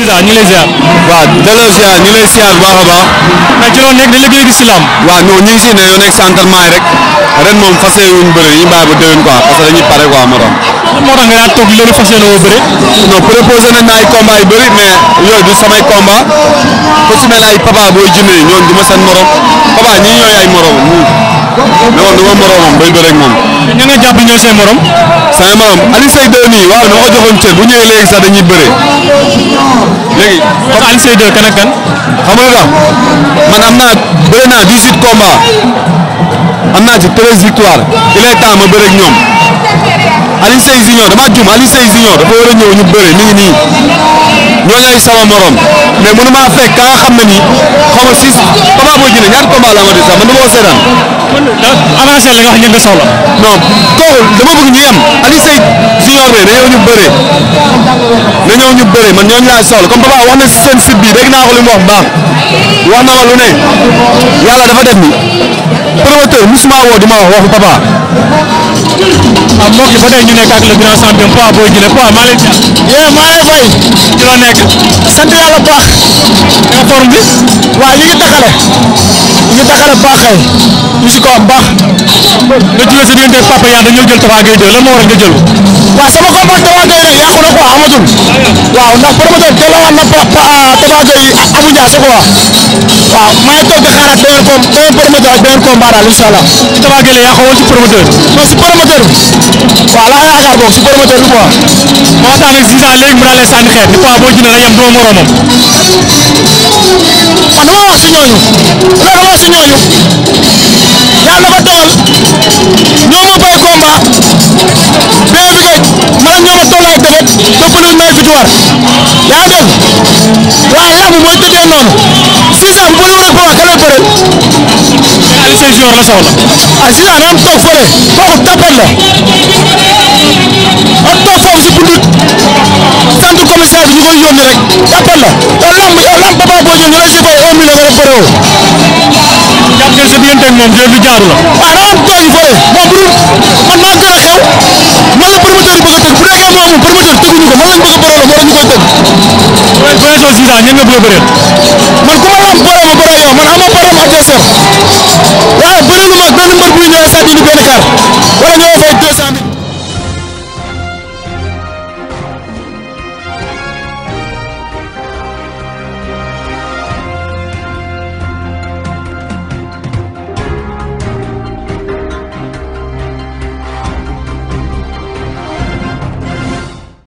Ziza ñu lay ziar. waaw delloo ziar a baax. nekk dañu la gën a gis si làmb. waaw non ñu ngi si ne yow nekk si entraînement yi rek moom fas yéene wuñ bëri ñu bàyyi ba déwén quoi pare quoi moo tax. lan moo tax nga woo bëri. non proposé nañ ma ay combat bëri mais yooyu du samay combat ku ay papa booy jëndee ñooñu du ma morom papa ñi ñooy ay morom loolu du ma moromam bay bëreeg moom. ña nga jàpp ñooy say morom. say morom Alioune Seye 2 nii waaw dama ko bu ñëwee léegi sax dañuy bëre léegi. kon Alioune Seye 2 kan ak kan. xam nga tax man am naa bëre naa 18 combats am naa ci 13 victoires il est temps ma bëreeg ñoom Alioune Seye Junior damaa jum Alioune Seye Junior dafa war ñu bëre mi ngi nii ñooñu ay sama mais mënu maa fekk ka nga xam ne ni xaw ma six combat booy jëlee ñaata combat la ma di sax man dama ko seetaan. avancé li nga wax ñëpp nga soxla. non kooku dama bëgg ñu yem Aliou Seye junior bi na ñëw ñu bëree na ñëw ñu bëree man ñooñu laay soxla comme papa wax na seen si bi rek naa ko li wax baax wax na ma lu ne yàlla dafa def ni promoteur musuma woo di ma wax waxu papa. waaw mbokk yi ba tey ñu nekk ak le grand champion Pa Boy Djiné Pa maa leen di yee maa ngi fay. ci la nekk. sant yàlla bu baax. nga forme bi. waaw ñu ngi taxale. ñu ngi taxale baax kay. ñu si ko am baax. nga jógee sa diggante Papa Yade dañoo jël Tapha Gueye 2 lan moo waral nga jël ko. waaw sama jëm waaw ndax promoteur delloowaat na pa pa ah, Tapha Gueye Abou Diassé quoi waaw maa ngi toog di xaar ak beneen com beneen promoteur ak beneen combat daal incha allah. Tapha Gueye la yaa ko woon si promoteur bi. non si promoteur bi waaw laa yaakaar boog si promoteur bi quoi. moo tax nag Ziza léegi mu daal lay sànni xeet ni quoi boo jëlee yem doo moromam. man dama wax si ñooñu loolu wax si ñooñu yàlla dafa dogal ñoo ma bi kay man ak ñoo ma toll tamit toppaloon may victoire yaa dégg waaye làmb mooy tëddee noonu Ziza bu bëri woon ak Papa kan lay bëreel. Aliou la soxla. ah Ziza na toog fële kooku tapal la am toog foofu si buntu centre commercial bi ñu koy rek tapal la yow làmb yow làmb Papa Boy Djiné ñu lay si jël sa diggante ak moom jël du jaaru la. ah tooy fooye moom bu man maa ngi koy xew loolu promoteur yi bëgg a tëgg bu dee xew moo amul promoteur tëgguñu ko lan lañ bëgg a borooloo moo tax ñu koy tëgg. booy booy soo man ku ma la a boroom a boroom yow man am ma boroom adversaire waaye bëreelu ma ak benn mbër buy ñëwee stade yi benn kar wala ñëwee